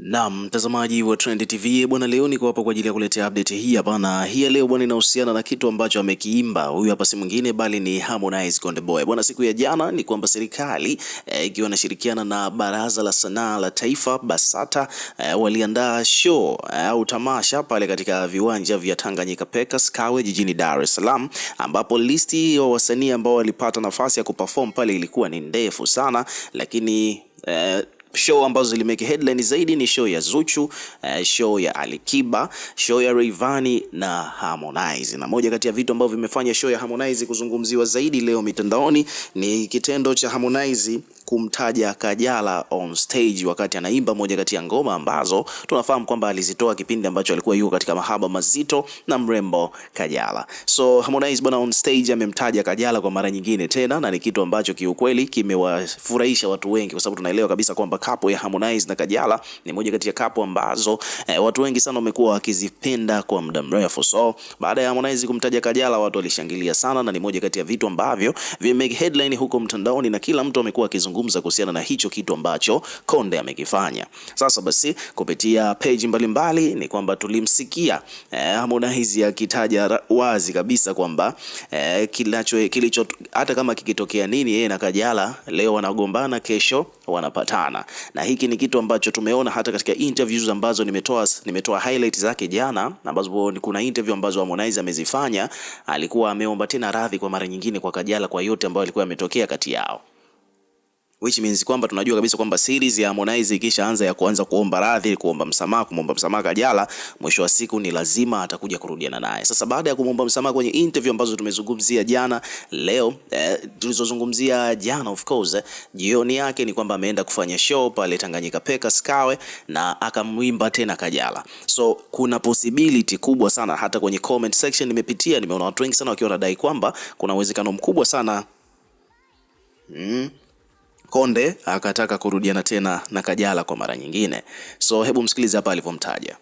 Na mtazamaji wa Trend TV bwana, leo niko hapa kwa ajili ya kuletea update hii hapa, na hii leo bwana, inahusiana na kitu ambacho amekiimba huyu hapa, si mwingine bali ni Harmonize Konde Boy bwana. Siku ya jana ni kwamba serikali eh, ikiwa e, inashirikiana na Baraza la Sanaa la Taifa BASATA e, waliandaa show eh, au e, tamasha pale katika viwanja vya Tanganyika Pekas Kawe jijini Dar es Salaam, ambapo listi ya wa wasanii ambao walipata nafasi ya kuperform pale ilikuwa ni ndefu sana, lakini e, Show ambazo zilimeke headline zaidi ni show ya Zuchu, uh, show ya Alikiba, show ya Rayvanny na Harmonize. Na moja kati ya vitu ambavyo vimefanya show ya Harmonize kuzungumziwa zaidi leo mitandaoni ni kitendo cha Harmonize kumtaja Kajala on stage wakati anaimba moja kati ya ngoma ambazo tunafahamu kwamba alizitoa kipindi ambacho alikuwa yuko katika mahaba mazito na mrembo Kajala. So Harmonize bwana, on stage amemtaja Kajala kwa mara nyingine tena, na ni kitu ambacho kiukweli kimewafurahisha watu wengi, kwa sababu tunaelewa kabisa kwamba kapo ya Harmonize na Kajala ni moja kati ya kapo ambazo eh, watu wengi sana wamekuwa wakizipenda kwa muda mrefu. So baada ya Harmonize kumtaja Kajala, watu walishangilia sana, na ni moja kati ya vitu ambavyo vimemake headline huko mtandaoni, na kila mtu amekuwa akizungumza kuhusiana na hicho kitu ambacho Konde amekifanya. Sasa basi, kupitia page mbalimbali mbali, ni kwamba tulimsikia eh, Harmonize akitaja wazi kabisa kwamba eh, kilicho kilicho hata kama kikitokea nini, yeye na Kajala leo wanagombana, kesho wanapatana na hiki ni kitu ambacho tumeona hata katika interviews ambazo nimetoa nimetoa highlight zake jana, ambazo kuna interview ambazo Harmonize amezifanya, alikuwa ameomba tena radhi kwa mara nyingine kwa Kajala kwa yote ambayo alikuwa ametokea kati yao which means kwamba tunajua kabisa kwamba series ya Harmonize ikishaanza ya kuanza kuomba radhi, kuomba msamaha, kumomba msamaha Kajala, mwisho wa siku ni lazima atakuja kurudiana naye. Sasa baada ya kumomba msamaha kwenye interview ambazo tumezungumzia jana, leo eh, tulizozungumzia jana of course eh, jioni yake ni kwamba ameenda kufanya show pale Tanganyika Packers Kawe na akamwimba tena Kajala. So kuna possibility kubwa sana hata kwenye comment section nimepitia, nimeona watu wengi sana wakiwa wanadai kwamba kuna uwezekano mkubwa sana mm. Konde akataka kurudiana tena na Kajala kwa mara nyingine. So hebu msikilize hapa alivyomtaja.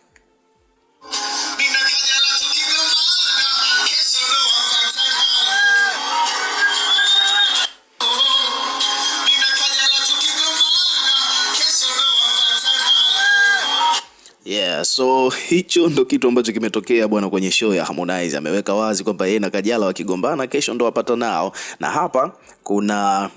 Yeah, so hicho ndo kitu ambacho kimetokea bwana kwenye show ya Harmonize. Ameweka wazi kwamba yeye na Kajala wakigombana kesho ndo wapata nao, na hapa kuna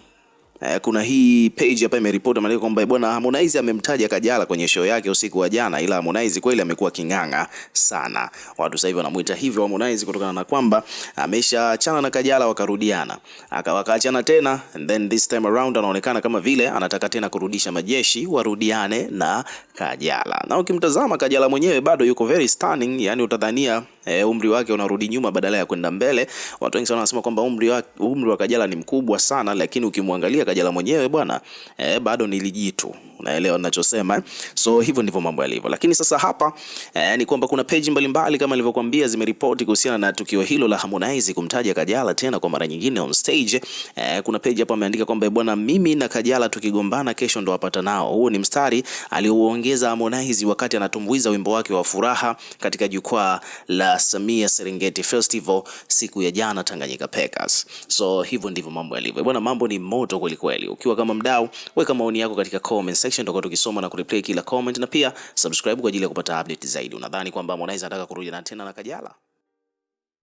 eh, kuna hii page hapa imeripoti maana kwamba bwana Harmonize amemtaja Kajala kwenye show yake usiku wa jana, ila Harmonize kweli amekuwa king'ang'a sana. Watu sasa hivi wanamuita hivyo Harmonize kutokana na kwamba ameshaachana na Kajala wakarudiana, akawakaachana tena, and then this time around anaonekana kama vile anataka tena kurudisha majeshi warudiane na Kajala, na ukimtazama Kajala mwenyewe bado yuko very stunning, yani utadhania e, umri wake unarudi nyuma badala ya kwenda mbele. Watu wengi sana wanasema kwamba umri wake, umri wa Kajala ni mkubwa sana, lakini ukimwangalia Kajala mwenyewe bwana e, bado ni lijitu. Unaelewa ninachosema? So hivyo ndivyo mambo yalivyo, lakini sasa hapa e, ni kwamba kuna page mbalimbali kama nilivyokuambia zimeripoti kuhusiana na tukio hilo la Harmonize kumtaja Kajala tena kwa mara nyingine on stage. E, kuna page hapa ameandika kwamba e, bwana, mimi na Kajala tukigombana kesho ndo wapata nao. Huo ni mstari aliouongeza Harmonize wakati anatumbuiza wimbo wake wa furaha katika jukwaa la Samia Serengeti Festival siku ya jana Tanganyika Packers. So hivyo ndivyo mambo yalivyo. Bwana mambo ni moto kweli kweli. Ukiwa kama mdau, weka maoni yako katika comment section, tutakuwa tukisoma na kureplay kila comment na pia subscribe kwa ajili ya kupata update zaidi. Unadhani kwamba Harmonize anataka kurudi na tena na Kajala?